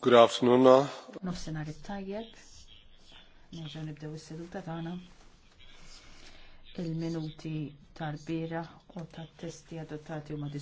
Good afternoon. Uh, Nofsenar it-tajjeb. Nerġaw nibdew is-seduta tagħna. Il-minuti tal-bira u tat-testi adottati huma